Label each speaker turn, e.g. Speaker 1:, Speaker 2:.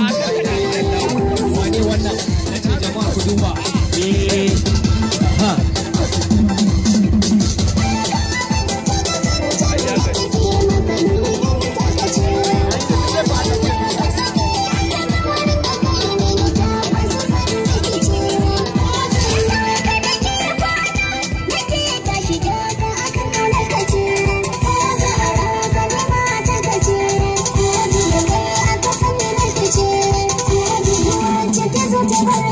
Speaker 1: Wani wannan, na ce jama'a ku duba.
Speaker 2: Thank you.